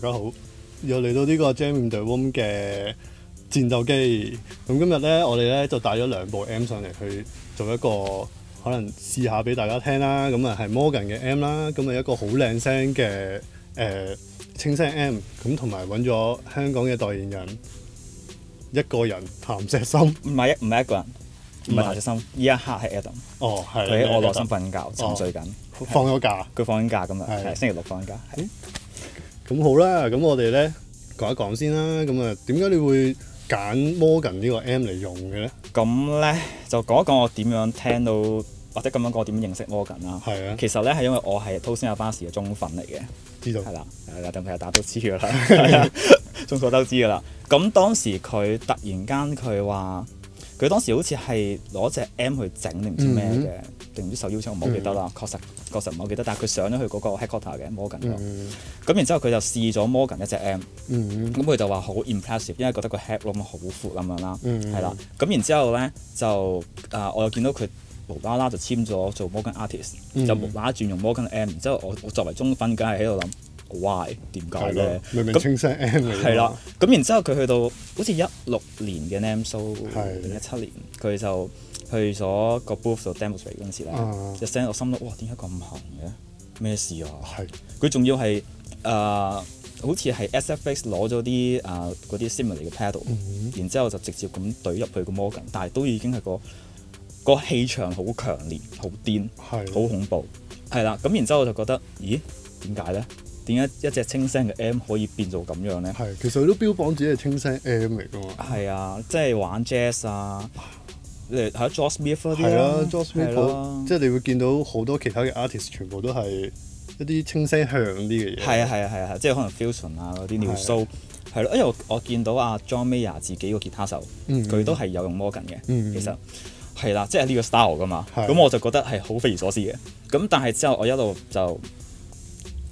大家好，又嚟到呢個 Jam in the Room 嘅薦鬥機。咁今日咧，我哋咧就帶咗兩部 M 上嚟去做一個可能試下俾大家聽啦。咁啊，係 Morgan 嘅 M 啦，咁啊一個好靚聲嘅誒清聲 M。咁同埋揾咗香港嘅代言人一個人譚卓森。唔係一唔係一個人，唔係譚卓森。呢一刻係 Adam。哦，係喺臥落心瞓覺，沉、哦、睡緊。放咗假？佢放緊假，今日係星期六放緊假。 咁好啦，咁我哋咧講一講先啦。咁啊，點解你會揀 Morgan 呢個 M 嚟用嘅咧？咁咧就講一講我點樣聽到，或者咁樣講我點認識 Morgan 啦。係啊。是啊其實咧係因為我係 Toast and Buns 嘅中粉嚟嘅。知道。係啦，有朋友打都知噶啦。係啊，眾 所周知噶啦。咁當時佢突然間佢話，佢當時好似係攞隻 M 去整定唔知咩嘅。嗯定唔知受邀請我冇記得啦、mm hmm.，確實確實唔好記得，但係佢上咗去嗰個 headquarter 嘅，、mm hmm. Morgan 咁，然之後佢就試咗 Morgan 一隻 M，咁佢就話好 impressive，因為覺得個 head room 咁好闊咁樣啦，係啦、mm，咁、hmm. 然之後咧就啊、呃、我又見到佢無啦啦就簽咗做摩根 artist、mm hmm. 就轉用 Morgan M，然之後我我作為中粉梗係喺度諗。Why 點解咧？明明清晰啦，咁那 了然之後佢去到好似一六年嘅 NAMM show，一七年佢就去咗個 Booth 做 demo show 嗰陣時咧，一、啊、send 我心諗哇，點解咁行嘅？咩事啊？係佢仲要係啊、呃，好似係 SFX 攞咗啲啊嗰啲 similar 嘅 pedal，然之後就直接咁對入去個 Morgan，但係都已經係個個氣場好強烈，好癲，好是的 恐怖，係啦。咁然之後我就覺得咦點解咧？點解一隻清聲嘅 M 可以變做咁樣咧？係，其實佢都標榜自己係清聲 M 嚟㗎嘛。係啊，即係玩 jazz 啊，誒、啊，嚇 jazz music 嗰啲係咯，jazz music 即係你會見到好多其他嘅 artist，全部都係一啲清聲向啲嘅嘢。係啊，係啊，係啊，啊，即係可能 fusion 啊嗰啲尿蘇係咯。因為我見到阿 John Mayer 自己個吉他手，佢、mm hmm. 都係有用 Morgan 嘅。Mm hmm. 其實係啦、啊，即係呢個 style 㗎嘛。係、啊。咁我就覺得係好匪夷所思嘅。咁但係之後我一路就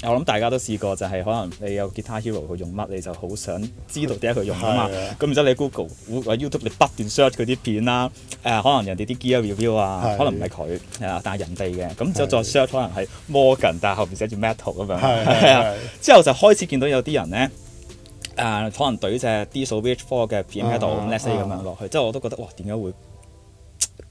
我諗大家都試過，就係、是、可能你有吉他 hero 佢用乜，你就好想知道點解佢用啊嘛。咁而家你 Google 或 YouTube 你不斷 search 嗰啲片啦、啊，誒、呃、可能人哋啲 gear review 啊，是的 可能唔係佢，係、呃、啊，但係人哋嘅。咁之後再 search 可能係 Morgan，但係後面寫住 metal 咁樣，之後就開始見到有啲人咧，誒、呃、可能對隻 D 數 VH4 嘅片喺度 lessy 咁樣落去，之後、 啊啊就是、我都覺得哇，點解會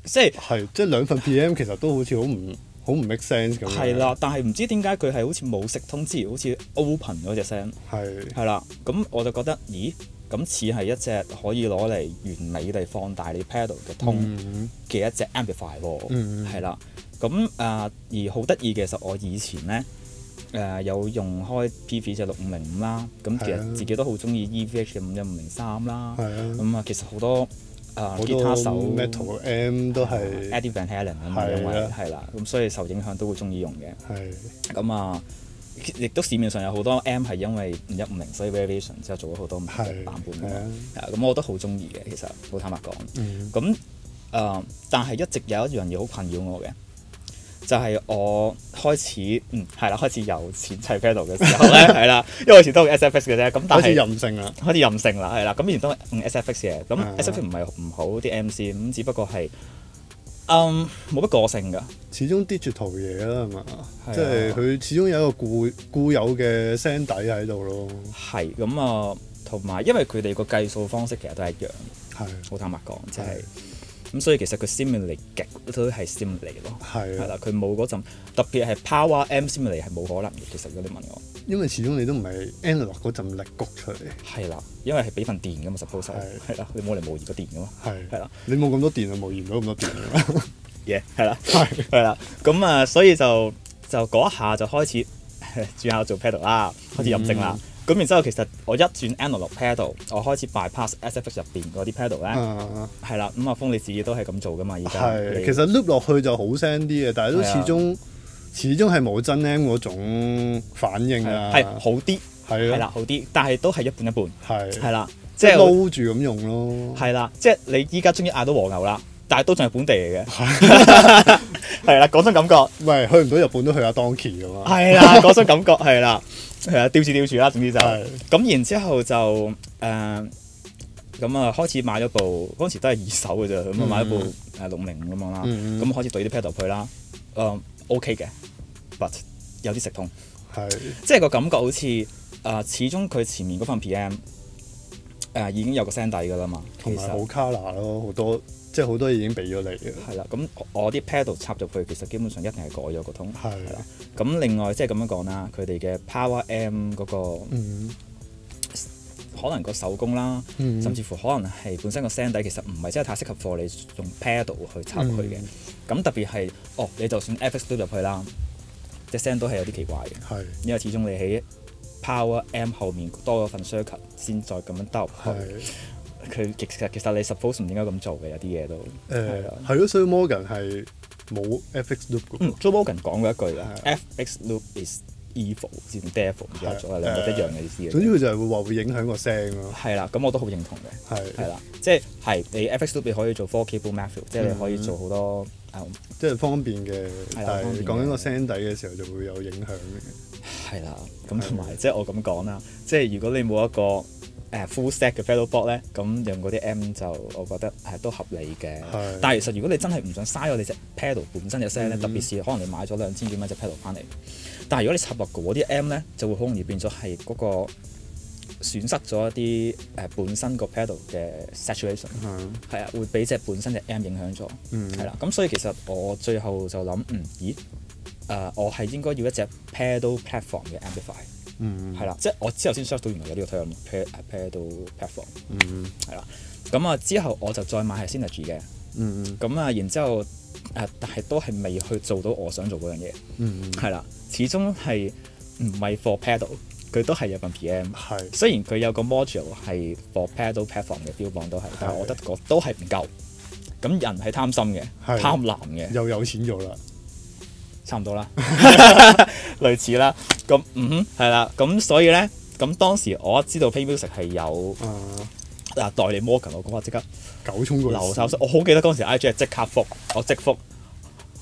即係係即係兩份 PM 其實都好似好唔～好唔 make sense 咁樣？係啦，但係唔知點解佢係好似冇食通知，好似 open 嗰隻聲係，係啦，咁的我就覺得，咦？咁似係一隻可以攞嚟完美地放大你 pedal 嘅通嘅一隻 amplify 喎，係啦、嗯，咁誒、呃、而好得意嘅，其實我以前咧誒、呃、有用開 PV 嘅六五零五啦，咁其實自己都好中意 EVH 嘅五一五零三啦，咁啊其實好多。啊！吉他手 Metal M 都係 Eddie Van Halen 是啊嘛，係啦是、啊，咁所以受影響都會中意用嘅。係咁是啊，啊，亦都市面上有好多 M 係因為五一五零，所以 Variation 之後做咗好多唔同嘅版本。係咁我都好中意嘅，嗯、其實好坦白講。咁誒、嗯啊，但係一直有一樣嘢好困擾我嘅。就係我開始嗯，係啦，開始有錢砌 channel 嘅時候咧，係啦， 因為開始都係 SFX 嘅啫，咁但係開始任性啦，開始任性啦，係啦，咁依然都係用 SFX 嘅，咁 SFX 唔係唔好啲 MC，咁只不過係，嗯冇乜個性噶，始終啲住套嘢啦，係咪的即係佢始終有一個固固有嘅聲底喺度咯。係咁啊，同埋因為佢哋個計數方式其實都係一樣，係好的坦白講，即係的。咁所以其實佢 simulate 都係 simulate 咯，係啦，佢冇嗰陣特別係 power amp simulate 係冇可能嘅。其實如果你問我，因為始終你都唔係 analog 嗰陣力谷出嚟，係啦，因為係俾份電㗎嘛，suppose 係啦，你冇嚟模擬個電㗎嘛，係啦，你冇咁多電啊，模擬唔到咁多電嘅嘢，係啦， 係啦，咁啊， 所以就就嗰一下就開始轉下做 pedal 啦，開始入正啦。嗯咁然之後，其實我一轉 analogue pedal 我開始 bypass SFX 入邊嗰啲 pedal 咧，係啦。咁阿封你自己都係咁做噶嘛？而家係其實碌落去就好聲啲嘅，但係都始終始終係冇真 amp 嗰種反應啊，係好啲係啦，好啲，但係都係一半一半係係啦，即係撈住咁用咯。係啦，即係你依家終於嗌到和牛啦，但係都仲係本地嚟嘅，係啦，嗰種感覺。喂，去唔到日本都去下 Donkey 噶嘛，係啦，嗰種感覺係啦。係啊，吊住吊住啦，總之就咁，的然之後就誒咁啊，呃、開始買咗部，嗰陣時都係二手嘅啫，咁啊、嗯、買部誒六零咁樣啦，咁、嗯、開始對啲 p a d 入去啦，誒、呃、OK 嘅，but 有啲食痛，係的即係個感覺好似誒、呃，始終佢前面嗰份 PM 誒、呃、已經有個 s 底嘅啦嘛，其埋好卡 o l 咯，好多。即係好多嘢已經俾咗你了。嘅。係啦，咁我啲 pedal 插入去，其實基本上一定係改咗個通。係啦的。咁另外即係咁樣講啦，佢哋嘅 Power Amp 嗰、那個、嗯、可能個手工啦，嗯、甚至乎可能係本身個聲底其實唔係真係太適合貨你用 pedal 去插佢嘅。咁、嗯、特別係哦，你就算 FX 都入去啦，隻、那個、聲都係有啲奇怪嘅。係的。因為始終你喺 Power Amp 後面多咗份 circuit 先再咁樣兜佢其實，其實你 suppose 唔應該咁做嘅，有啲嘢都誒係咯，所以 Morgan 係冇 FX loop 嘅。Joe Morgan 講過一句啦，FX loop is evil，甚至 devil，唔知係咪兩個一樣嘅意思。總之佢就係會話會影響個聲咯。係啦，咁我都好認同嘅。係係啦，即係係你 FX loop 你可以做 four cable method，即係你可以做好多即係方便嘅。係啊，講緊個聲底嘅時候就會有影響嘅。係啦，咁同埋即係我咁講啦，即係如果你冇一個。誒、uh, full stack 嘅 pedal board 咧，咁用嗰啲 M 就我覺得係、啊、都合理嘅。是但係其實如果你真係唔想嘥我哋隻 pedal 本身嘅聲咧，嗯、特別是可能你買咗兩千幾蚊隻 pedal 翻嚟，但係如果你插落嗰啲 M 咧，就會好容易變咗係嗰個損失咗一啲誒、呃、本身個 pedal 嘅 saturation 係是啊，會俾隻本身嘅 M 影響咗。嗯，係啦、啊。咁所以其實我最後就諗、嗯，咦？誒、呃，我係應該要一隻 pedal platform 嘅 amplifier。嗯，係啦，即 係我之後先 search 到原來有呢個推 Pedal，Pedal Platform，嗯，係 啦，咁啊之後我就再買係 Synergy 嘅，咁啊 然之後誒，但係都係未去做到我想做嗰樣嘢，嗯嗯，係 啦，始終係唔係 For Pedal 佢都係有份 PM，係的，雖然佢有個 Module 係 For Pedal Platform 嘅標榜都係，的但係我覺得個都係唔夠，咁人係貪心嘅，的貪婪嘅，又有錢做啦，差唔多啦。 類似啦，咁嗯，係啦，咁所以咧，咁當時我知道 Play Music 係有代理 Morgan 我講話即刻九衝過流曬身。我好記得嗰陣時，I G 係即刻復，我即復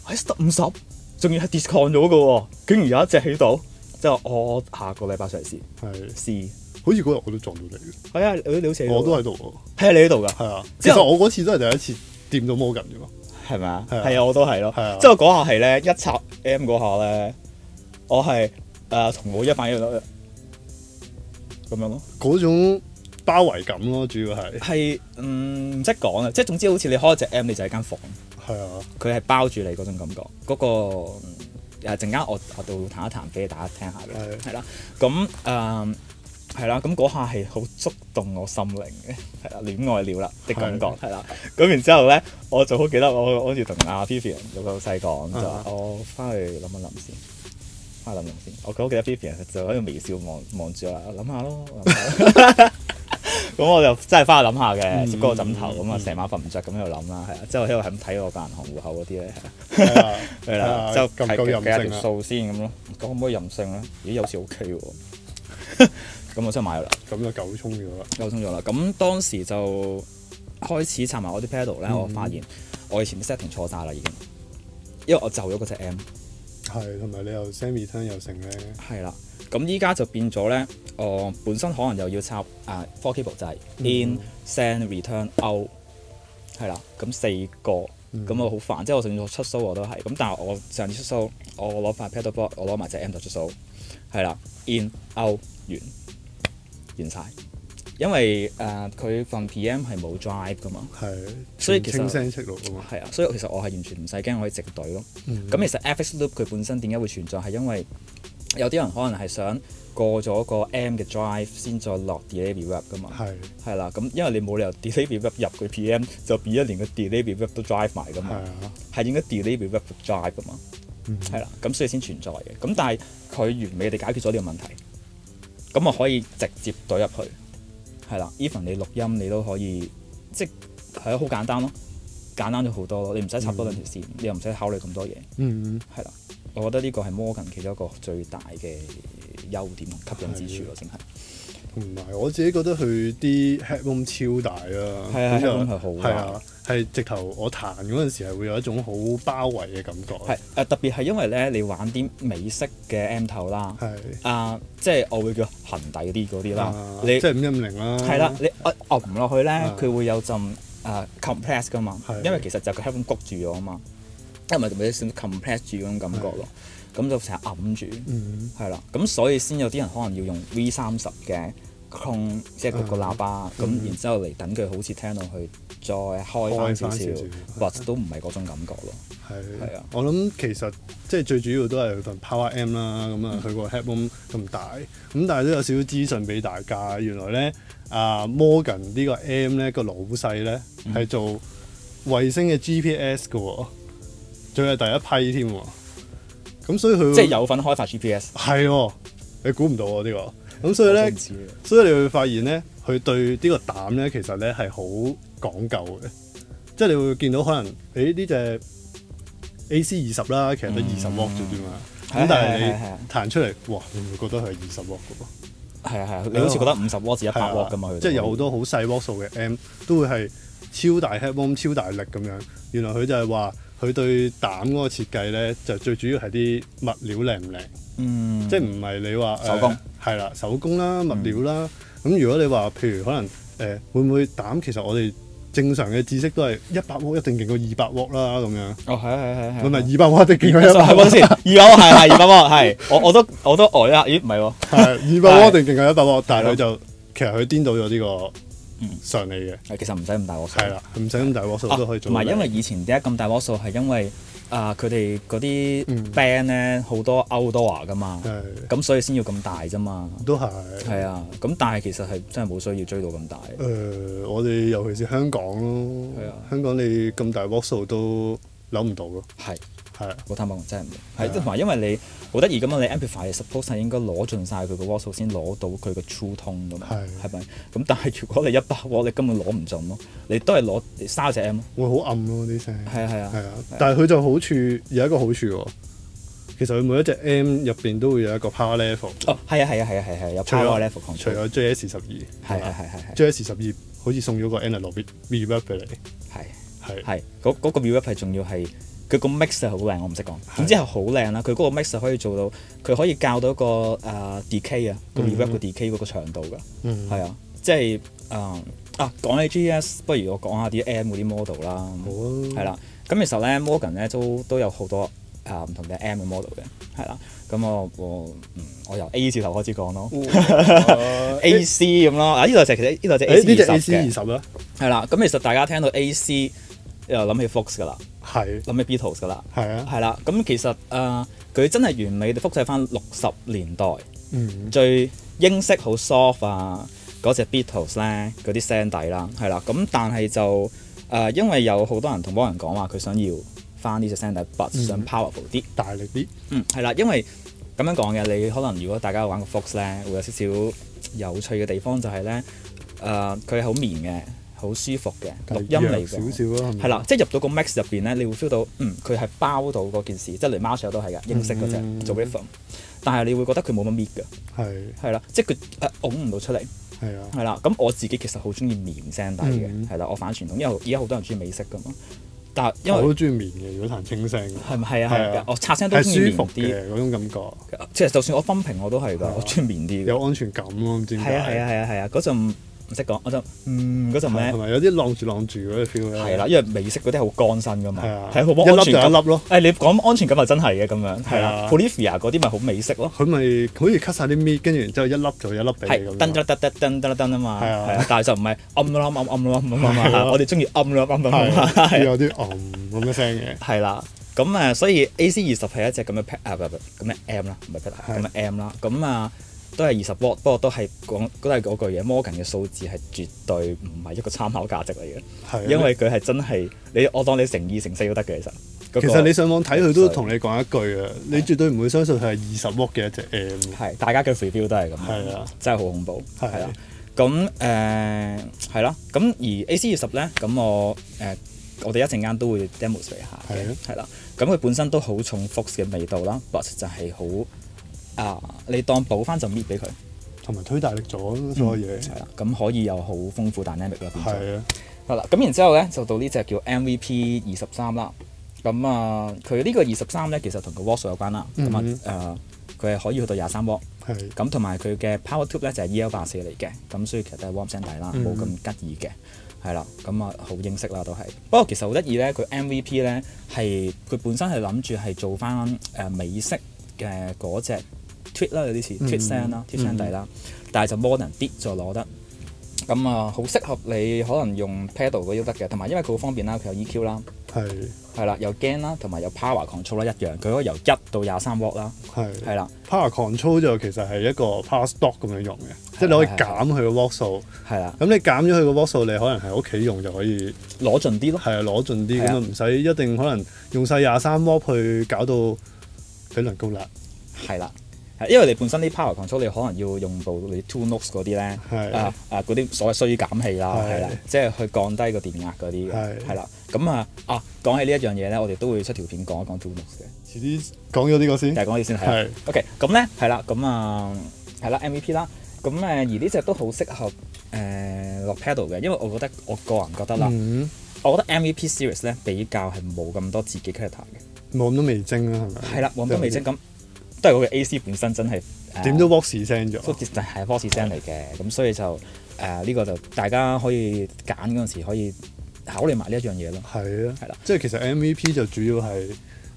喺 s 五十，仲要係 discount 咗嘅喎，竟然有一隻喺度，即係我下個禮拜嘗試係試，好似嗰日我都撞到你嘅，係啊，你好似我都喺度喎，係啊，你喺度噶，係啊，即係我嗰次都係第一次掂到 Morgan 啫嘛，係咪啊？係啊，我都係咯，即係我嗰下係咧一拆 M 嗰下咧。我係誒同我一反應咯，咁樣咯，嗰種包圍感咯，主要係係唔識講啊，即係總之好似你開隻 M 你就喺間房，係啊，佢係包住你嗰種感覺，嗰個誒陣間我我度彈一彈俾大家聽下嘅，係啦，咁誒係啦，咁嗰下係好觸動我心靈嘅，係啦，戀愛了啦的感覺，係啦，咁然之後咧，我就好記得我好似同阿 Vivian 有個老細講，就話我翻去諗一諗先。翻諗先，我屋企嘅 Vivian 啊，就喺度微笑望望住我，諗下咯。咁 我就真係翻去諗下嘅，接嗰、嗯那個枕頭咁啊，成晚瞓唔着，咁喺度諗啦，係啊，之後喺度睇我間銀行戶口嗰啲咧，係啦，就計下條數先咁咯。可唔可以任性咧？咦，有時 OK 喎，咁我真係買咗啦。咁、嗯、就夠充咗啦，夠充咗啦。咁當時就開始插埋我啲 pedal 咧、嗯，我發現我以前 setting 錯晒啦，已經，因為我就咗嗰隻 M。係，同埋你又 send return 又剩咧。係啦，咁依家就變咗咧，我、呃、本身可能又要插啊 four cable 制，in send return out，係啦，咁四個，咁、mm hmm. 我好煩，即係我上次出 show 我都係。咁但係我上次出 show，我攞塊 pedal board，我攞埋隻 M 就出 show，係啦，in out 完完晒。完完因為誒佢放 P.M 係冇 drive 噶嘛，係的，所以其實清聲出噶嘛，係啊，所以其實我係完全唔使驚，我可以直隊咯。咁、嗯、哼其實 FX loop 佢本身點解會存在係因為有啲人可能係想過咗個 M 嘅 drive 先再落 delay reverb 嘛，係係，咁因為你冇理由 delay reverb 入去 P.M 就變咗連個 delay reverb 都 drive 埋噶嘛，係啊的，係應該 delay reverb drive 噶嘛，係啦、嗯哼。咁所以先存在嘅。咁但係佢完美地解決咗呢個問題，咁我可以直接隊入去。係啦，even 你錄音你都可以，即係係好簡單咯，簡單咗好多咯，你唔使插多兩條線，mm hmm. 你又唔使考慮咁多嘢。嗯、mm，係、hmm. 啦，我覺得呢個係摩根其中一個最大嘅優點，吸引之處咯，的淨係。唔係，我自己覺得佢啲 headphone 超大啊，咁就係啊，係就、啊啊、直頭我彈嗰陣時係會有一種好包圍嘅感覺。係誒、呃，特別係因為咧，你玩啲美式嘅 m 頭啦，啊是、呃，即係我會叫恆底啲嗰啲啦，啊、你即係五一五零啦，係啦、啊，你壓唔落去咧，佢是會有陣誒、呃、compress 噶嘛，是因為其實就個 headphone 谷住咗啊嘛，一唔係就俾啲 compress 住嗰種感覺咯。咁就成日揞住，嗯，係啦，咁所以先有啲人可能要用 V 三十嘅控，嗯、即係個喇叭，咁、嗯、然之後嚟等佢好似聽到去再開翻少少，或都唔係嗰種感覺咯。係，係啊，的的我諗其實即係最主要都係佢份 Power M 啦，咁啊佢個 headroom 咁大，咁但係都有少少資訊俾大家，原來咧啊 Morgan 呢個 M 咧個老細咧係做衛星嘅 GPS 嘅喎，仲係第一批添喎。咁所以佢即係有份開發 GPS。係喎，你估唔到喎呢、呢個。咁所以咧，所以你會發現咧，佢對呢個膽咧，其實咧係好講究嘅。即、就、係、是、你會見到可能，誒、欸、呢隻 AC20 啦，其實得二十瓦啫嘛。咁、嗯嗯、但係你彈出嚟，哇！你會,會覺得係二十瓦嘅喎。係啊係啊，你好似覺得五十 W 一百瓦咁啊佢。即係有好多好細瓦數嘅 amp，都會係超大 headroom 超大力咁樣。原來佢就係話。佢對膽嗰個設計咧，就最主要係啲物料靚唔靚？嗯，即係唔係你話手工？係啦，手工啦，物料啦。咁如果你話譬如可能誒，會唔會膽其實我哋正常嘅知識都係一百鍋一定勁過二百鍋啦咁樣。哦，係係係係。咁咪二百鍋一定勁過一百鍋先？二百鍋係係二百鍋係。我我都我都呆一下，咦唔係喎？二百鍋一定勁過一百鍋，但係佢就其實佢顛倒咗呢嘢。上嚟嘅，其實唔使咁大瓦數。係啦，唔使咁大瓦數都可以做。唔係因為，以前點解咁大瓦數，係因為啊佢哋嗰啲 band 咧好多 outdoor 㗎嘛，咁所以先要咁大啫嘛。都係。係啊，咁但係其實係真係冇需要追到咁大。誒，我哋尤其是香港咯，香港你咁大瓦數都諗唔到咯。係係，我睇冇人真係冇。係同埋因為你。好得意咁啊！你 amplify，suppose 係應該攞盡晒佢個 volume 先攞到佢個 true tone 咁樣，係咪？咁但係如果你一百瓦你根本攞唔盡咯。你都係攞三隻 M，會好暗咯啲聲。係啊係啊係啊！但係佢就好處有一個好處喎。其實佢每一隻 M 入邊都會有一個 power level。哦，係啊係啊係啊係啊！有 power level 除咗。除咗 JS 十二，係係係係。JS 十二好似送咗個 analog reverb 俾你。係係係。嗰嗰個 reverb 係重要係。佢個 mix 咧好靚，我唔識講。然是之後好靚啦，佢嗰個 mix 可以做到，佢可以較到個誒 decay 啊，uh, decay, 個 reverse 個 decay 嗰個長度㗎，係、嗯嗯嗯、啊，即係誒、嗯、啊講起 G S，不如我講下啲 M 嗰啲 model 啦。好啊，係啦、啊。咁其實咧 Morgan 咧都都有好多誒唔、啊、同嘅 M 嘅 model 嘅，係啦、啊。咁我我，我由 A 字頭開始講咯，AC 咁咯。呢度成其實呢度隻 AC 二十啦。係啦、欸，咁、嗯啊、其實大家聽到 AC。又諗起 Vox 噶啦，係諗的起 Beatles 噶啦，係啊的，係啦。咁其實啊，佢、呃、真係完美地複製翻六十年代、嗯、最英式好 soft 啊嗰隻 Beatles 咧嗰啲聲底啦，係啦。咁、那個、但係就誒、呃，因為有好多人同幫人講話，佢想要翻呢隻聲底，但係想 powerful 啲、大力啲。嗯，係啦，因為咁樣講嘅，你可能如果大家玩個 Vox 咧，會有少少有趣嘅地方就係咧誒，佢係好綿嘅。好舒服嘅錄音嚟嘅，少少係啦，即係入到個 max 入邊咧，你會 feel 到，嗯，佢係包到嗰件事，即係連 Marshall 都係嘅英式嗰隻做 buffer 但係你會覺得佢冇乜搣 i 嘅，係，係啦，即係佢拱唔到出嚟，係啊，係啦，咁我自己其實好中意綿聲底嘅，係啦，我反傳統，因為而家好多人中意美式㗎嘛，但係因為我都中意綿嘅，如果彈清聲，係咪係啊係啊，我擦聲都中意綿啲嗰種感覺，即係就算我分屏我都係㗎，我中意綿啲，有安全感咯，唔知點解。係啊係啊係啊係啊，嗰陣。識講，我就嗯嗰陣咩？同埋有啲浪住浪住嗰啲 feel 咧。係啦，因為美式嗰啲好乾身噶嘛。係啊，一粒就一粒咯。誒，你講安全感啊，真係嘅咁樣。係啊。Polyphia 嗰啲咪好美式咯。佢咪好似 cut 晒啲 me，跟住然之後一粒就一粒。係。噔噔噔噔噔噔噔啊嘛。啊。係但係就唔係暗咯，暗暗咯，暗我哋中意暗咯暗咯。有啲暗咁嘅聲嘅。係啦，咁誒，所以 A C 二十係一隻咁嘅 pet 啊，咁樣 M 啦，唔係 pet，咁樣 M 啦，咁啊。都係二十 w，不過都係講，都係嗰句嘢，摩根嘅數字係絕對唔係一個參考價值嚟嘅，因為佢係真係你，我當你成二成四都得嘅其實。其實你上網睇佢都同你講一句啊，你絕對唔會相信佢係二十 w 嘅一隻 M。係，大家嘅 review 都係咁。係真係好恐怖，係啦。咁誒係咯，咁而 A C 二十咧，咁我誒我哋一陣間都會 demo 下嘅，係啦。咁佢本身都好重 Vox 嘅味道啦，But 就係好。啊！你當補翻就搣俾佢，同埋推大力咗所有嘢，係啦、嗯，咁可以有好豐富 dynamic 啦。係啊的，好啦，咁然之後咧就到隻、呃、呢隻叫 MVP 二十三啦。咁啊，佢呢個二十三咧其實同個瓦數有關啦。咁啊、嗯嗯，誒，佢、呃、係可以去到廿三瓦。係。咁同埋佢嘅 power tube 咧就係 EL 八四嚟嘅。咁所以其實都係 warm 聲底啦，冇咁吉耳嘅。係啦，咁啊好認識啦都係。不過其實好得意咧，佢 MVP 咧係佢本身係諗住係做翻誒美式嘅嗰隻。tweak 啦有啲似 tweak 聲啦 tweak 聲底啦，但係就 modern 啲就攞得，咁啊好適合你可能用 pedal 嗰啲都得嘅，同埋因為佢好方便啦，佢有 EQ 啦，係係啦，有 gain 啦，同埋有 power Control 啦一樣，佢可以由一到廿三 w 啦，係係啦，power Control 就其實係一個 pass dock 咁樣用嘅，即係你可以減佢嘅 watt 數，係啦，咁你減咗佢嘅 watt 數，你可能喺屋企用就可以攞盡啲咯，係啊攞盡啲咁啊唔使一定可能用晒廿三 w 去搞到幾難高啦，係啦。因為你本身啲 power control 你可能要用到你 two notes 嗰啲咧啊啊嗰啲所謂衰減器啦、啊，係啦是，即係、就是、去降低個電壓嗰啲嘅，係啦是。咁啊啊，講起呢一樣嘢咧，我哋都會出條片講一講 two notes 嘅。遲啲講咗呢個先，係講先的 okay, 呢先係。OK，咁咧係啦，咁啊係啦，MVP 啦，咁誒、啊、而呢隻都好適合誒落 pedal 嘅，因為我覺得我個人覺得啦，嗯、我覺得 MVP series 咧比較係冇咁多自己 character 嘅，冇咁多味精啊，係咪？係啦，冇咁多味精咁。都係嗰個 AC 本身真係點，呃、都 boxy 聲咗，都其實係 boxy 聲嚟嘅，咁所以就誒呢、呃這個就大家可以揀嗰陣時可以考慮埋呢一樣嘢咯。係啊，係啦的，即係其實 MVP 就主要係。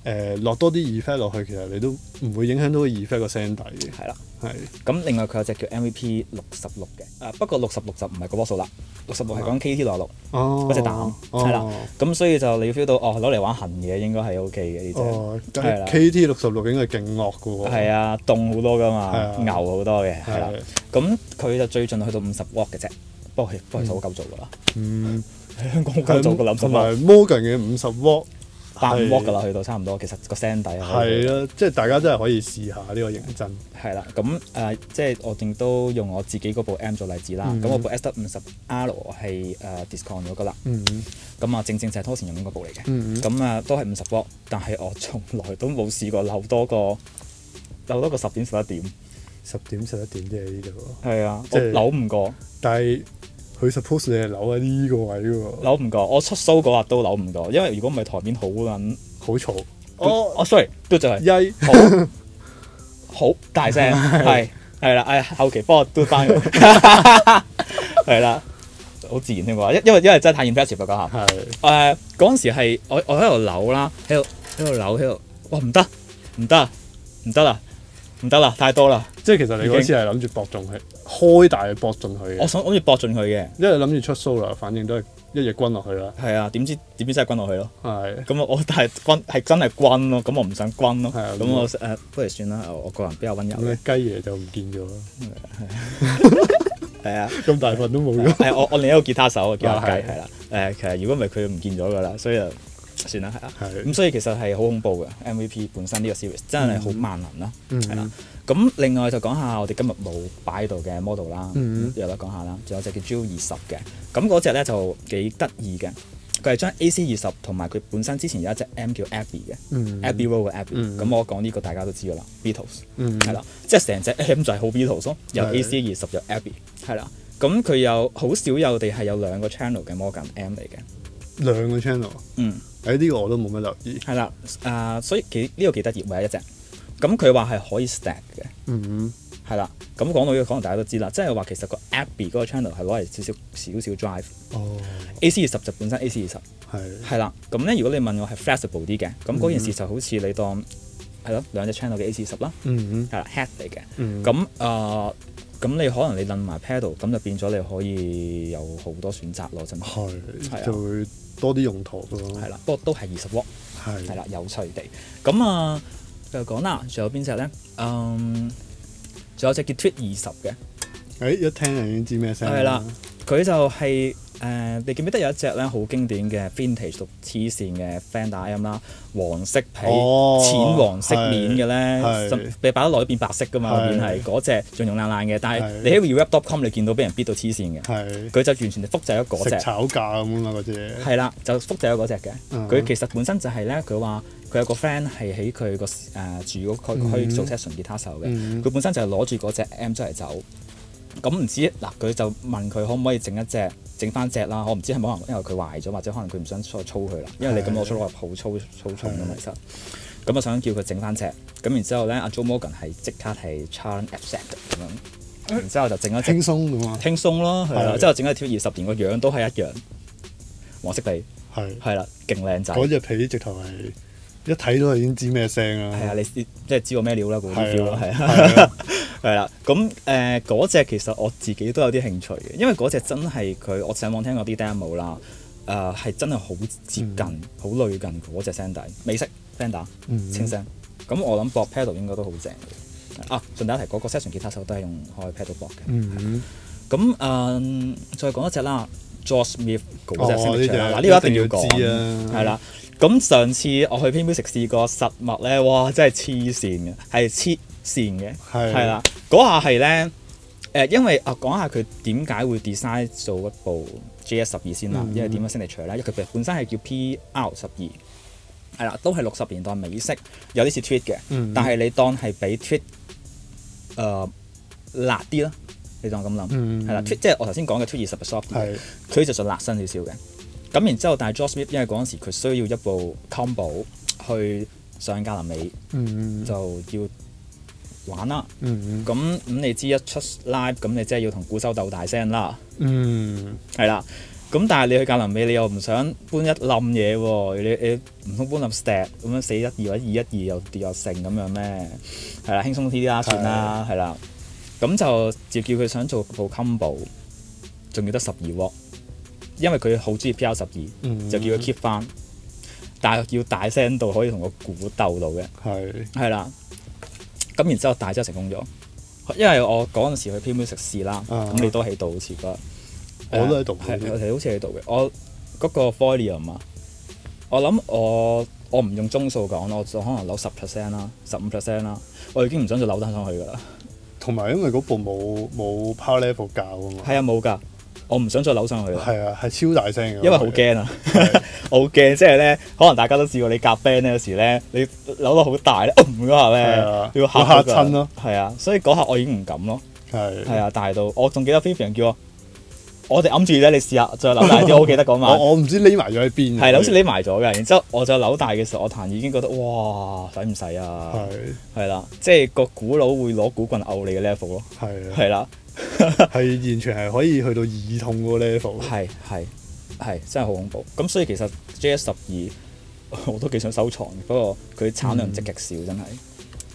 誒落多啲 effect 落去，其實你都唔會影響到 effect 個聲底嘅。係啦，係。咁另外佢有隻叫 MVP 六十六嘅。誒不過六十六就唔係嗰個 W 數啦，六十六係講 KT 六十六嗰隻膽啦。咁所以就你要 feel 到哦，攞嚟玩狠嘢應該係 OK 嘅。呢哦，咁 KT 六十六應該係勁惡嘅喎。係啊，凍好多噶嘛，牛好多嘅係啦。咁佢就最近去到五十瓦嘅啫，不過係不過係好夠做噶啦。嗯，夠做個五十瓦。同埋 Morgan 嘅五十半 walk 噶啦，去到差唔多，其實個聲底。係啦，即係大家真係可以試下呢個認真。係啦，咁誒即係我正都用我自己嗰部 M 做例子啦。咁我部 S W 五十 R 我係 discount 咗噶啦。咁啊正正就係拖前用呢部嚟嘅。咁啊都係五十波，但係我從來都冇試過扭多個扭多個十點十一點。十點十一點啫呢度。係啊，即扭唔過。但係。佢 suppose 你係扭喺呢個位嘅喎，扭唔過。我出 show 嗰日都扭唔過，因為如果唔係台面 Yeah. 好撚， 好嘈。我，我 sorry，do 就係一好，好大聲，係，係啦，誒後期幫我 do 翻佢，係啦，好自然啲喎。因因為因為真係太 impressive 啦嚇。係，誒嗰陣時係我我喺度扭啦，喺度喺度扭喺度，哇唔得唔得唔得啦唔得啦太多啦。即係 其實你嗰次係諗住博中氣。開大進去駁進佢，我想好似駁進去嘅，因為諗住出 show 啦，反正都係一嘢均落去啦。係啊，點知點知真係均落去咯。係，咁我我但係均係真係均咯，咁我唔想均咯。係啊，咁我誒不如、啊呃、算啦，我個人比較温柔咧。雞爺就唔見咗，係啊，係 啊，咁大份都冇咗。係、啊啊、我我另一個吉他手叫阿雞係啦。誒、啊啊啊，其實如果唔係佢唔見咗噶啦，所以。算啦，係啊，咁所以其實係好恐怖嘅 MVP 本身呢個 series 真係好萬能啦，係啦。咁另外就講下我哋今日冇擺度嘅 model 啦，有得講下啦。仲有隻叫 J 二十嘅，咁嗰隻咧就幾得意嘅。佢係將 AC 二十同埋佢本身之前有一隻 M 叫 Abbey 嘅 Abbey Road 嘅 Abbey。咁我講呢個大家都知噶啦，Beatles，係啦，即係成隻 M 就係好 Beatles 咯，有 AC 二十，有 Abbey 係啦。咁佢有好少有哋係有兩個 channel 嘅 Morgan M 嚟嘅，兩個 channel，嗯。誒呢個我都冇乜留意。係啦，誒，所以其呢個幾得意，唯一一隻，咁佢話係可以 stack 嘅。嗯哼，係啦。咁講到呢個，可能大家都知啦，即係話其實個 Abby 嗰個 channel 係攞嚟少少少少 drive。哦。AC 二十就本身 AC 二十。係。係啦。咁咧，如果你問我係 flexible 啲嘅，咁嗰件事就好似你當係咯兩隻 channel 嘅 AC 二十啦。嗯哼。係啦，head 嚟嘅。咁誒，咁你可能你撚埋 pedal 咁就變咗你可以有好多選擇咯，真係。係。就多啲用途咯，係啦、嗯，不過了都係二十瓦，係啦，有趣地咁啊，繼續講啦，仲有邊隻咧？嗯，仲有隻 Tweed 二十嘅，誒、欸，一聽就已經知咩聲，係啦，佢就係、是。誒、呃，你記唔記得有一隻咧好經典嘅 vintage 讀黐線嘅 friend 打 m 啦，黃色皮、哦、淺黃色面嘅咧，你擺得耐變白色㗎嘛？是面係嗰隻仲用爛爛嘅，但係你喺 weweb.com 你見到俾人逼到黐線嘅，佢是就完全係複製咗嗰隻。炒價咁啊，嗰隻。係啦，就複製咗嗰隻嘅。佢、嗯、其實本身就係咧，佢話佢有個 friend 係喺佢個誒住嗰個區做吉他手嘅、嗯，佢、嗯、本身就係攞住嗰隻 m 出嚟走。咁唔知嗱，佢就問佢可唔可以整一隻，整翻隻啦？我唔知係冇可能，因為佢壞咗，或者可能佢唔想再操佢啦。因為你咁攞出攞入好操操操咁其實，咁啊想叫佢整翻隻。咁然之後咧，阿 Joe Morgan 係即刻係 turn upset 咁樣，然之後就整一隻輕鬆咁啊，輕鬆咯，係啊，即係整一條二十年個樣都係一樣，黃色地，係係啦，勁靚仔。嗰隻皮直頭係一睇到係已經知咩聲啦。係啊，你你即係知我咩料啦，嗰啊。係啦，咁誒嗰隻其實我自己都有啲興趣嘅，因為嗰隻真係佢我網上網聽過啲 demo 啦，誒、呃、係真係好接近，好、嗯、類近嗰隻聲底，美式 Fender 清、嗯、聲，咁我諗搏 p a d d l 應該都好正啊，順帶提，嗰、那個 session 吉他手都係用開 paddle 搏嘅。嗯咁誒、呃，再講一隻啦，Josh Smith 嗰隻聲場嗱呢個一定要講，係啦、啊。咁上次我去 Pimpy 食試過實物咧，哇，真係黐線嘅，係黐。線嘅係啦，嗰的下係咧誒，因為啊講下佢點解會 design 做一部 GS 十二先啦。嗯嗯因為點樣先嚟除咧？因為佢本身係叫 P.R. 十二係啦，都係六十年代美式有啲似 Tweed 嘅，嗯嗯但係你當係比 Tweed、呃、辣啲咯。你當咁諗係啦 Tweed 即係我頭先講嘅 Tweed is a bit soft，佢就係辣身少少嘅。咁然之後，但係 Josh Smith 因為嗰陣時佢需要一部 combo 去上加南美，嗯、就要。玩啦，咁咁、嗯嗯、你知一出 live，咁你真係要同鼓手鬥大聲啦，係、嗯、啦。咁但係你去格林美，你又唔想搬一冧嘢喎。你你唔通搬粒石咁樣四一二或者二,二一二又跌落成咁樣咩？係啦，輕鬆啲啦、啊、算啦，係啦。咁就就叫佢想做部 combo，仲要得十二喎，因為佢好中意 P.R. 十二、嗯，就叫佢 keep 翻。但係要大聲到可以同個鼓鬥到嘅，係係是啦。咁然之後大真成功咗，因為我嗰陣時去 Play Music 試啦，咁、啊、你都喺度好似覺得，我都喺度，係好似喺度嘅。我嗰個 volume 啊，我諗我我唔用鐘數講，我可能扭十 percent 啦，十五 percent 啦，我已經唔想再扭得上去㗎啦。同埋因為嗰部冇冇 Power Level 教啊嘛。係啊，冇㗎。我唔想再扭上去啦。係啊，係超大聲嘅。因為好驚啊，好驚，即係咧，可能大家都試過你夾 band 咧，有時咧，你扭到好大咧，嗰下咧要嚇親咯。係啊，所以嗰下我已經唔敢咯。係啊，大到我仲記得 Fiona 叫我，我哋揞住咧，你試下再扭大啲。我記得嗰晚，我唔知匿埋咗喺邊。係啦，好似匿埋咗嘅。然之後我再扭大嘅時候，我彈已經覺得哇，使唔使啊？係係啦，即係個鼓佬會攞鼓棍毆你嘅 level 咯。係係啦。係 完全係可以去到耳痛嘅 level，係係係真係好恐怖。咁所以其實 J S 十二我都幾想收藏，不過佢產量極極少，真係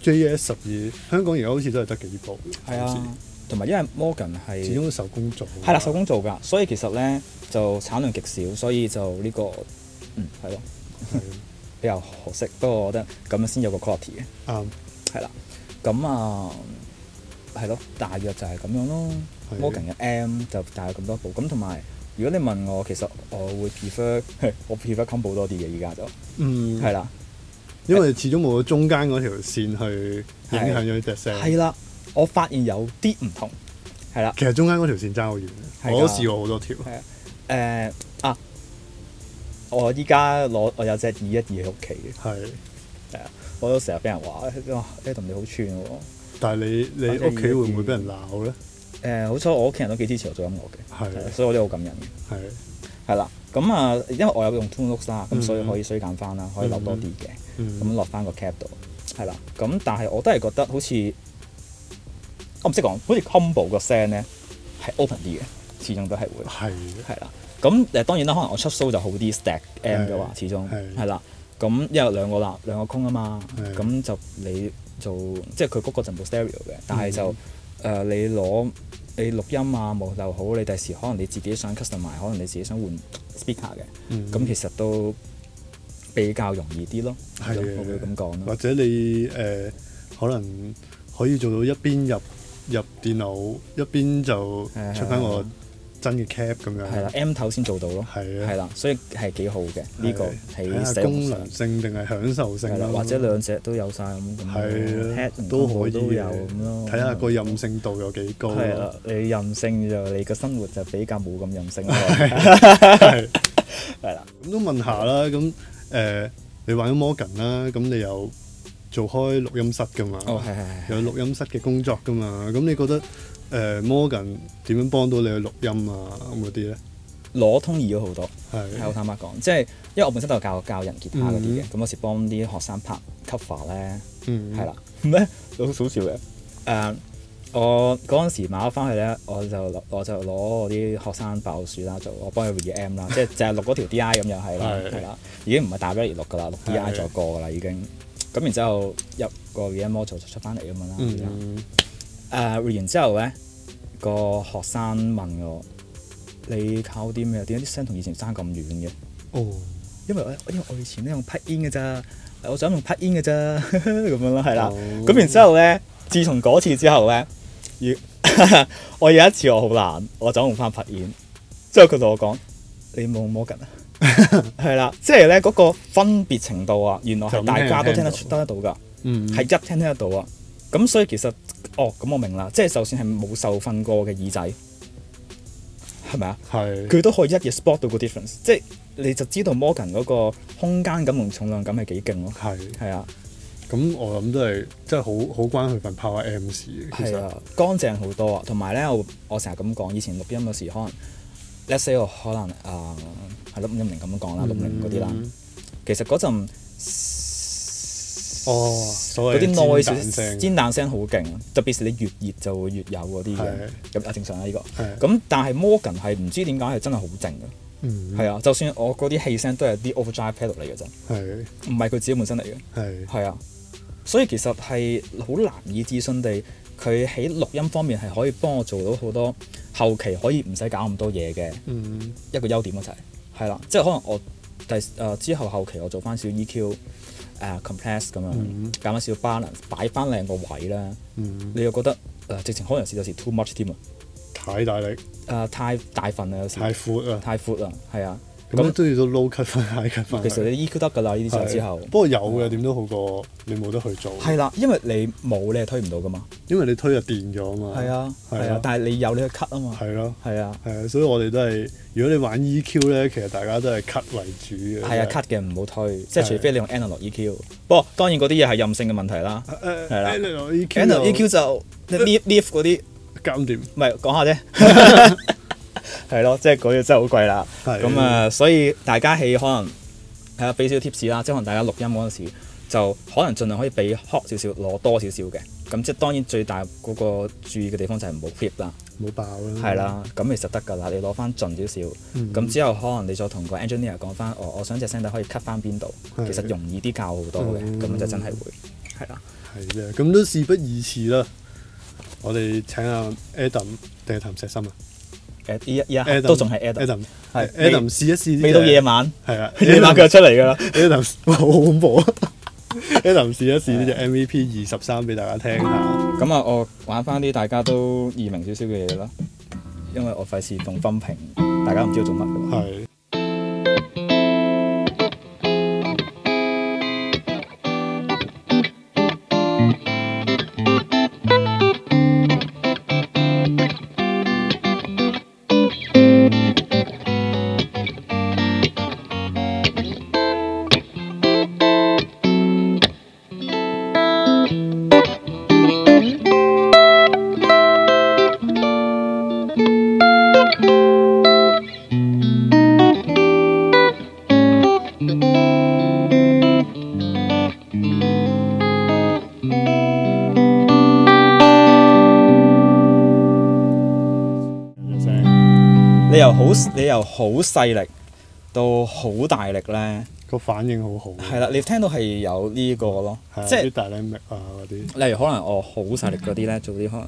J S 十二，嗯、香港而家好似都係得幾部，係啊，同埋時因為 Morgan 係始終手工做，係啦手工做噶，所以其實咧就產量極少，所以就呢，這個嗯係咯，是 比較可惜。不過我覺得咁樣先有個 quality，嗯係啦，咁對啊。嗯係咯，大約就係咁樣咯。Morgan 嘅 M 就大約咁多部，咁同埋，如果你問我，其實我會 prefer，我 prefer combo 多啲嘅依家就，嗯，係啦的，因為始終冇咗中間嗰條線去影響咗隻聲。係啦，我發現有啲唔同，係啦。其實中間嗰條線爭好遠，的我都試過好多條。係啊，誒、呃、啊，我依家攞我有隻212喺屋企嘅，係係啊，我都成日俾人話，哇 Adam 你好串、啊。但係你你屋企會唔會俾人鬧咧？誒，好彩我屋企人都幾支持我做音樂嘅，係，所以我都好感人嘅。係，係啦，咁啊，因為我有用 Two Notes 啊，咁所以可以衰減翻啦，可以落多啲嘅，咁落翻個 cap 度，係啦。咁但係我都係覺得好似，我唔識講，好似 combo 個聲咧係 open 啲嘅，始終都係會係。係啦，咁誒當然啦，可能我出 show 就好啲，stack m 嘅話，始終係啦。咁因為兩個啦，兩個空啊嘛，咁就你。做即係佢嗰個就冇 stereo 嘅，但係就誒、嗯呃、你攞你錄音啊冇就好，你第時可能你自己想 custom 埋，可能你自己想換 speaker 嘅，咁、嗯、其實都比較容易啲咯。係啊的，我會咁講或者你誒、呃、可能可以做到一邊入入電腦一邊就出翻個。真嘅 cap 咁樣。係啦，M 頭先做到咯。係啊。係啦，所以係幾好嘅呢個喺社會上。功能性定係享受性啦。或者兩者都有曬咁。係啊。head 都可以。都有咁咯。睇下個任性度有幾高。係啦，你任性就你個生活就比較冇咁任性。係。係啦。咁都問下啦，咁誒你玩咗 Morgan 啦，咁你有做開錄音室㗎嘛？哦，係係係。有錄音室嘅工作㗎嘛？咁你覺得？誒 Morgan 點樣幫到你去錄音啊咁嗰啲咧？攞通耳咗好多，係好坦白講，即係因為我本身都係教教人吉他嗰啲嘅，咁嗰時幫啲學生拍 cover 咧，係啦，咩？好少少嘅。誒，我嗰陣時買翻去咧，我就我就攞我啲學生爆鼠啦，就我幫佢 reamp 啦，即係就係錄嗰條 DI 咁又係啦，係啦，已經唔係打開而錄噶啦，錄 DI 再過噶啦已經，咁然之後入個 reamp 就出翻嚟咁樣啦。誒完之後咧，個學生問我：你靠啲咩？點解啲聲同以前差咁遠嘅？哦，因為我因為我以前都用劈煙嘅咋。我想用劈煙嘅咋，咁樣咯，係啦。咁然之後咧，自從嗰次之後咧，我有一次我好懶，我走用翻劈煙，之後佢同我講：你冇摩根啊？係啦，即係咧嗰個分別程度啊，原來係大家都聽得出得得到㗎，係一聽聽得到啊。咁所以其實。哦，咁我明啦，即係就算係冇受訓過嘅耳仔，係咪啊？係是，佢都可以一夜 spot 到個 difference，即係你就知道 Morgan 嗰個空間感同重量感係幾勁咯。係是，係啊，咁我諗都係，即係好好關佢份 power amp 嘅。係啊，乾淨好多啊，同埋咧，我我成日咁講，以前錄音嗰時可能，let's say 我可能啊，係、呃、咯，5150咁講啦，6505嗰啲啦，其實嗰陣。哦，嗰啲 noise 煎蛋聲好勁，特別是你越熱就會越有嗰啲嘅，咁啊是正常啦、啊、呢、這個。咁是但係 Morgan 係唔知點解係真係好靜嘅，係、嗯、啊，就算我嗰啲氣聲都係啲 overdrive pedal 嚟嘅啫，唔係佢自己本身嚟嘅？係係是啊，所以其實係好難以置信地，佢喺錄音方面係可以幫我做到好多後期可以唔使搞咁多嘢嘅，一個優點咯就係係啦，即係可能我第誒、呃呃、之後後期我做翻小 EQ。誒 compress 咁啊，減翻少 balance，擺翻靚個位啦。Mm hmm. 你又覺得誒，呃、直情可能有時 too much 添啊，太大力，誒、呃、太大份啊，有時太闊啊，太闊啊，係啊。咁都要咗 Low cut 同 High cut？其實你 EQ 得㗎啦，呢啲就之後。不過有嘅點都好過你冇得去做。係啦，因為你冇你係推唔到㗎嘛，因為你推就電咗啊嘛。係啊，係啊，但係你有你去 cut 啊嘛。係咯，係啊，係啊，所以我哋都係，如果你玩 EQ 咧，其實大家都係 cut 為主嘅。係啊，cut 嘅唔好推，即係除非你用 Analog EQ。不過當然嗰啲嘢係任性嘅問題啦，係啦。Analog EQ 就 live live 啲咁掂。唔係講下啫。係咯，即係嗰樣真係好貴啦。咁啊的、嗯，所以大家喺可能係啊，俾少 tips 啦。即係可能大家錄音嗰陣時，就可能盡量可以俾 hot 少少，攞多少少嘅。咁即係當然最大嗰個注意嘅地方就係唔好 clip 啦，冇爆啦。係啦，咁其實得㗎啦。你攞翻盡少少，咁、嗯、之後可能你再同個 engineer 講翻、哦，我我想隻聲可以 cut 翻邊度，的其實容易啲較好多嘅。咁、嗯、就真係會係啦。係啊，咁都事不宜遲啦。我哋請下 Adam 定係譚石心啊。誒，依家依家 Adam, 都仲係 Adam，係 Adam 試一試，未到夜晚，係啊，你馬腳出嚟㗎啦！Adam，好恐怖啊！Adam 試一試呢隻 MVP 二十三，俾大家聽下。咁啊的，我玩翻啲大家都易明少少嘅嘢啦，因為我費事動分屏，大家唔知道做乜嘅。係。你由好細力到好大力咧，個反應好好，啊。係啦，你聽到係有呢個咯，的即係。大力力啊啲。呃、例如可能我好細力嗰啲咧，做啲可能。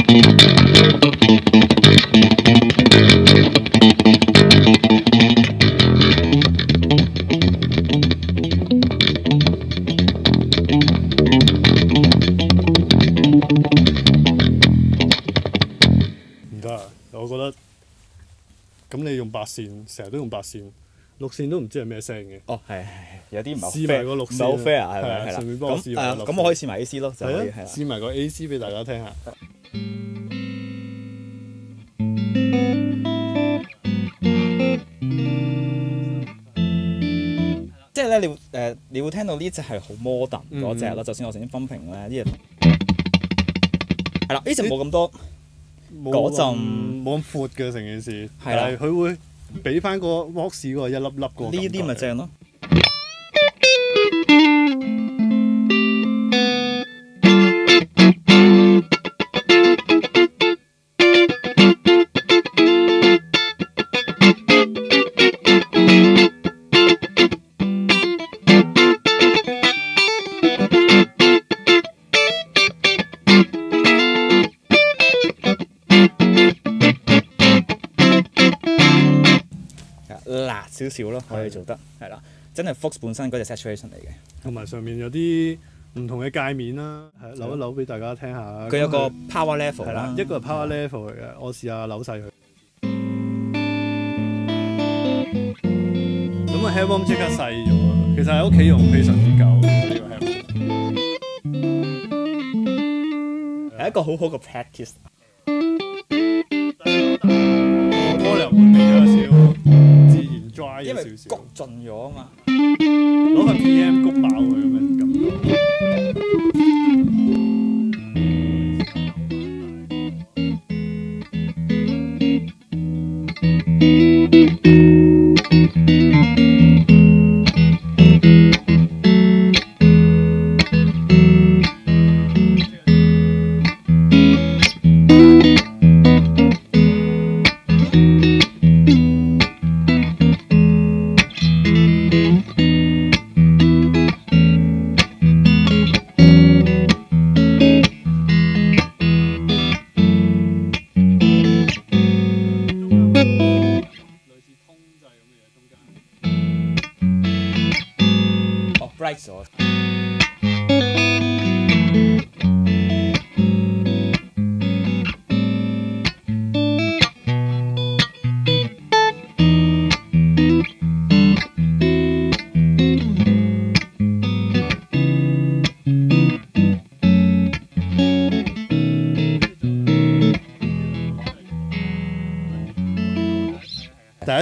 線成日都用白線，六線都唔知係咩聲嘅。哦，係有啲唔係。試埋個六，有 fair 係咪？係啦。咁誒，咁我可以試埋 A C 咯。係試埋個 A C 俾大家聽下。即係咧，你誒，你會聽到呢隻係好 modern 嗰隻啦。就算我成日分屏咧，呢隻係啦，呢隻冇咁多嗰陣，冇咁闊嘅成件事。係啦，佢會。俾翻個 watch 市喎，一粒粒個。呢啲咪正咯。少咯，的可以做得，係啦，真係 Fox 本身嗰隻 saturation 嚟嘅。同埋上面有啲唔同嘅界面啦，扭一扭俾大家聽下。佢有個 power level 啦，一個係 power level 嚟嘅，的我試下扭晒佢。咁啊 harmon 即刻細咗，其實喺屋企用非常之久呢個 harmon，係一個好好嘅 practice。因為焗盡咗啊嘛，攞份 PM 焗爆佢。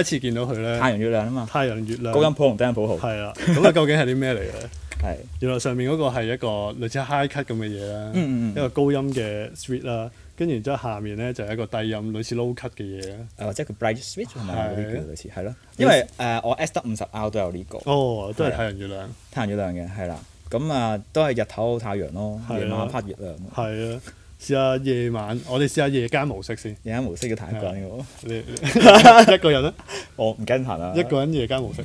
第一次見到佢咧，太陽月亮啊嘛，太陽月亮，高音譜同低音譜號，係啦。咁啊，究竟係啲咩嚟嘅？係原來上面嗰個係一個類似 high cut 咁嘅嘢啦，一個高音嘅 switch 啦，跟住然之後下面咧就係一個低音類似 low cut 嘅嘢啦，或者個 bright switch 同埋嗰類似，係咯。因為誒，我 S 得五十 R 都有呢個，哦，都係太陽月亮，太陽月亮嘅，係啦。咁啊，都係日頭太陽咯，夜晚拍月亮，係啊。試下夜晚，我哋試下夜間模式先。夜間模式要彈一個人嘅你 一個人咧？ 我唔驚彈啊！一個人夜間模式。